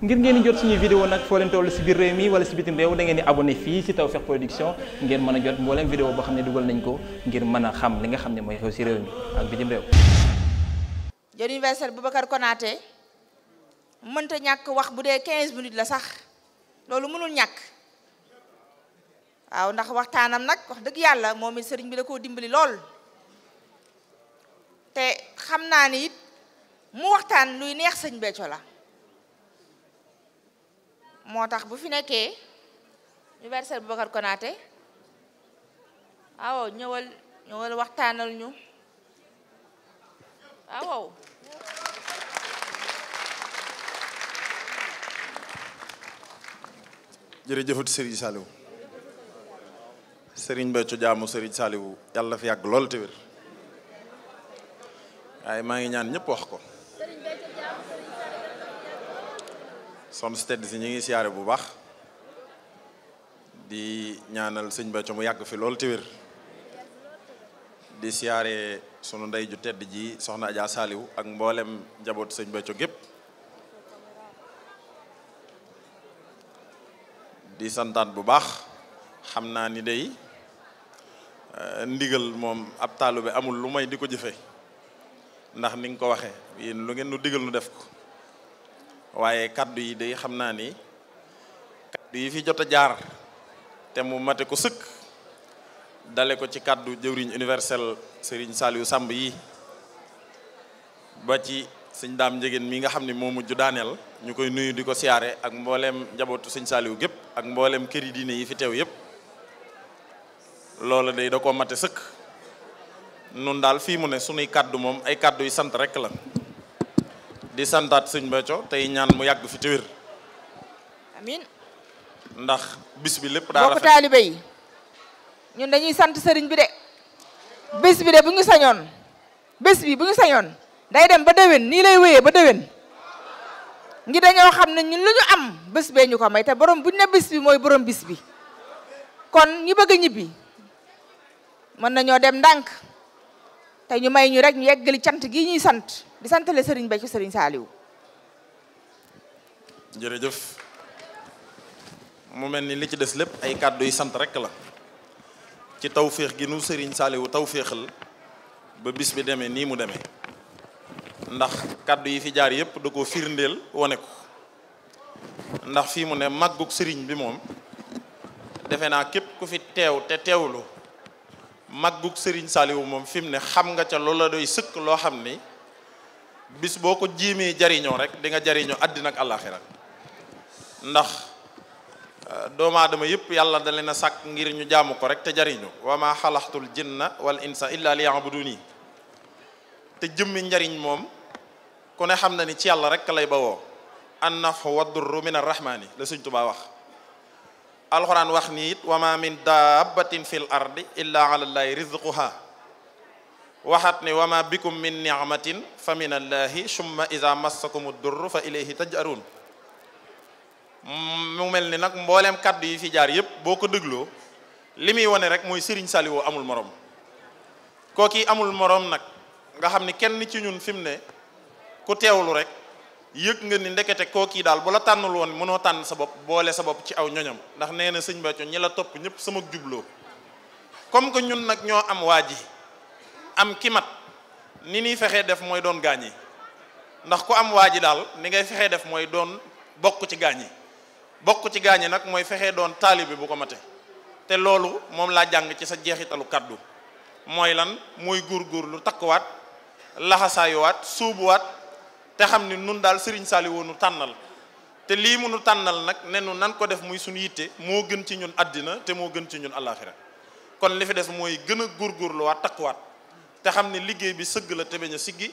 ngir ngeen di jot suñuy vidéo nag foo leen toll si biir réew mi wala si bitim réew da ngeen di abonné fii si Tawfekh Production ngeen mën a jot mbooleem vidéo boo xam ne dugal nañ ko ngir mën a xam li nga xam ne mooy xew si réew mi ak bitim réew ñàkk wax bu dee 15 minutes la sax loolu mënul ñàkk waaw ndax waxtaanam nag wax dëgg yàlla moom it sëriñ bi da koo dimbali lool te xam naa ni it mu waxtaan luy neex sëñ Béthio la moo tax bu fi nekkee ñu verser Boubacar Konaté awow ñëwal ñëwal waxtaanal ñu awow jërëjëfut Serigne Saliou Serigne Béthio jaamu Serigne Saliou yàlla fi yàgg lool te wér waaye maa ngi ñaan ñëpp wax ko son stedd si ñu ngi siyaare bu baax di ñaanal sëñ Béthio mu yàgg fi lool te wér di siyaare sunu ndey ju tedd ji soxna Adja saaliw ak mboolem njaboot sëñ Béthio gépp di santaat bu baax xam naa ni day eh, ndigal moom ab taalu bi amul lu may di ko jëfe ndax ni nga ko waxe yéen lu ngeen nu digal nu def ko waaye kàddu yi day xam naa ni kàddu yi fi jot a jaar te mu mate ko sëkk dale ko ci kàddu jëwriñ universel sëriñ Saliou Samb yi ba ci sëñ daam njegéen mi nga xam ne moo mujj daaneel ñu koy nuyu di ko siyaare ak mbooleem njabootu sëñ Saliou gépp ak mbooleem këri diine yi fi teew yépp loola day da ko mate sëkk nun daal fii mu ne sunuy kàddu moom ay kaddu yu sant rek la di santaat sëñ Béthio tey ñaan mu yàgg fi te wér amiin ndax bis lépp daa yi ñun dañuy sant sëriñ bi de bis bi de bu ñu sañoon bis bi bu ñu sañoon day dem ba déwén nii lay wéyee ba déwén ngi dañoo xam ne ñun lu ñu am bés bee ñu ko may te borom buñ ne bis bi mooy borom bis bi kon ñi bëgg a ñibbi mën nañoo dem ndànk te ñu may ñu rek ñu yeggali cant gi ñuy sant di santale Serigne Béthio e Serigne Saliou. jërëjëf mu mel ni li ci des lépp ay kàddu yu sant rek la ci tawféex gi nu Serigne Saliou tawféexal ba bis bi demee nii mu demee ndax kàddu yi fi jaar yëpp da koo firndeel wane ko ndax fii mu ne màggug sëriñ bi moom defe naa képp ku fi teew te teewlu màggug Serigne Saliou moom fi mu ne xam nga ca loolu la doy sëkk loo xam ni. bis boo ko jiimee jariñoo rek di nga jariñoo àddina ak àllaaxira ndax euh, doomu aadama yëpp yàlla da leen a sàkk ngir ñu jàmm ko rek te jariñoo wa ma xalaxtul jinna wal insa illa liya'buduni te jëmmi njariñ moom ku ne xam na ni ci yàlla rek lay bawoo an naf wa durru min arrahmani la Sëñ Tuubaa wax alxuraan wax ni it wa ma min dabbatin fil ardi illa ala llahi rizquha waxaat ne wama bikum min ni'matin fa min allahi summa ida massakum durru fa ilayhi taj'arun mu mel ni nag mbooleem kaddu yi fi jaar yëpp boo ko dégloo li muy wane rek mooy sëriñ Saliou amul morom kooki amul morom nag nga xam ni kenn ci ñun fi mu ne ku teewlu rek yëg nga ni ndekete kooki daal bu la tànnul woon mënoo tànn sa bopp boole sa bopp ci aw ñoñam ndax nee na sëñ Bethio ñi la topp ñëpp sama jubloo comme que ñun nag ñoo am waa ji am ki mat ni ñuy fexee def mooy doon gaañi ndax ku am waa ji daal ni ngay fexee def mooy doon bokk ci gaañ yi bokk ci gaañ yi nag mooy fexe doon taalibe bu ko mate te loolu moom laa jàng ci sa jeexitalu kàddu mooy lan mooy lu takkuwaat laxasaayuwaat suubuwaat te xam ni nun daal Serigne Saliou nu tànnal te lii mu nu tànnal nag ne nu nan ko def muy suñu yitte moo gën ci ñun àddina te moo gën ci ñun àllaaxira kon li fi des mooy gën a góorgóorluwaat takkuwaat te xam ne liggéey bi sëgg la tebeñu siggi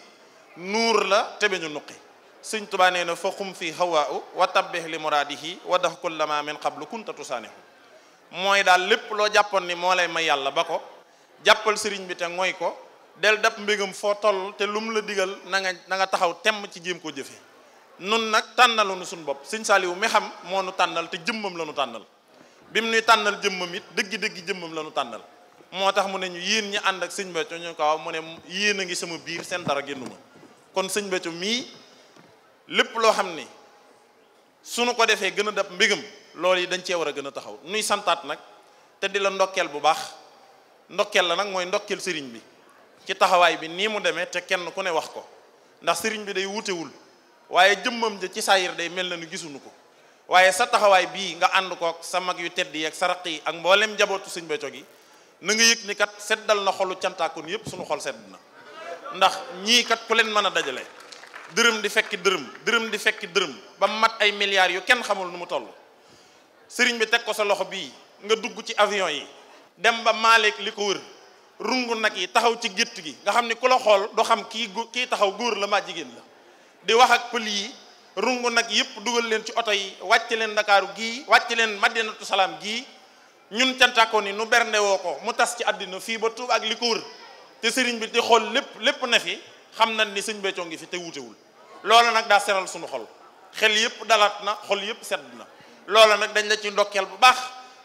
nuur la tebeñu nuqi sëñ tubaa nee na fa xum fii hawa u wa tabbih li muraadihi wa dax kullama min qablu kunta tusaanihu mooy daal lépp loo jàppoon ni moo lay may yàlla ba ko jàppal sëriñ bi te ngoy ko del dab mbégam foo toll te lum la digal na nga na nga taxaw temm ci jéem koo jëfe nun nag tànnaloonu suñu bopp sëñ Saaliw mi xam moo nu tànnal te jëmmam la nu tànnal bi mu nuy tànnal jëmmam it dëggi-dëggi jëmmam la nu tànnal moo tax mu ne ñu yéen ñi ànd ak sëñ Béthio ñu ko waaw mu ne yéen a ngi sama biir seen dara génn génnuma kon sëñ Béthio mii lépp loo xam ne su nu ko defee gën a dab mbégam loolu yi dañ cee war a gën a taxaw nuy santaat nag te di la ndokkeel bu baax ndokkeel la nag mooy ndokkeel sëriñ bi ci taxawaay bi nii mu demee te kenn ku ne wax ko ndax sëriñ bi day wutewul waaye jëmmam ja ci saayir day mel na ni gisuñu ko waaye sa taxawaay bii nga ànd kook sa mag yu tedd yi ak sa raq yi ak mboolem jabootu sëñ Béthio gi na nga yëg ni kat seddal na xolu cantaakoon yëpp suñu xol sedd na ndax ñii kat ku leen mën a dajale dërëm di fekki dërëm dërëm di fekki dërëm ba mat ay milliards yu kenn xamul nu mu toll sëriñ bi teg ko sa loxo bii nga dugg ci avion yi dem ba maaleek li ko wër rungu nag yi taxaw ci gétt gi nga xam ni ku la xool doo xam kii kii taxaw góor la ma jigéen la di wax ak pël yi rungu nag yëpp dugal leen ci oto yi wàcc leen ndakaaru gii wàcc leen madinatu salaam gii ñun cantakoon yi nu bernde woo ko mu tas ci àddina fii ba Tuuba ak li ko te sëriñ bi di xool lépp lépp na fi xam na ni sëñ Béthio ngi fi te wutewul loola nag daa seral suñu xol xel yépp dalaat na xol yëpp sedd na loola nag dañ la ci ndokkeel bu baax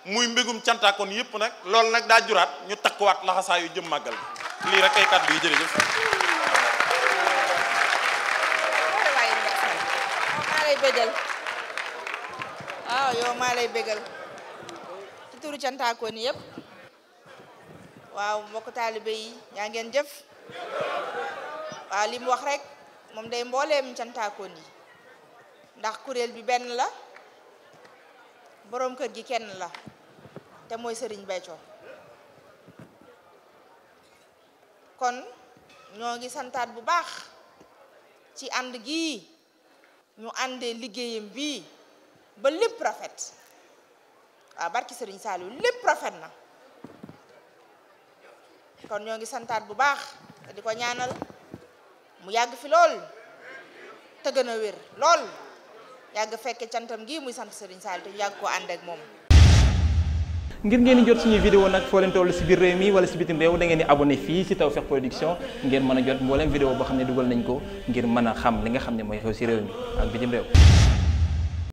muy mbégum cantaakon yëpp nag loolu nag daa juraat ñu takkuwaat laxasaa yu jëm màggal lii rek ay kàddu yi jërëjëf waaw yow maa lay bégal turu cantaakoo ni yëpp waaw mbokk yi yaa ngeen jëf waaw li wax rekk moom day mbooleem cantaakoon yi ndax kuréel bi benn la boroom kër gi kenn la te mooy sëriñ Béthio kon ñoo ngi santaat bu baax ci ànd gi ñu àndee liggéeyam bi ba lépp rafet waaw ah, barki Serigne Saliou lépp rafet na kon ñoo ngi santaat bu baax te di ko ñaanal mu yàgg fi lool te gën wér lool yàgg fekke cantam gi muy sant Serigne Saliou te ñu yàgg koo ànd moom. ngir ngeen jot suñuy vidéo nag foo leen toll si biir réew mi wala si bitim réew da ngeen di abonné fii si Tawfekh Production ngeen mën a jot mbooleem vidéo boo xam ne dugal nañ ko ngir mën a xam li nga xam ne mooy xew si réew mi ak bitim réew.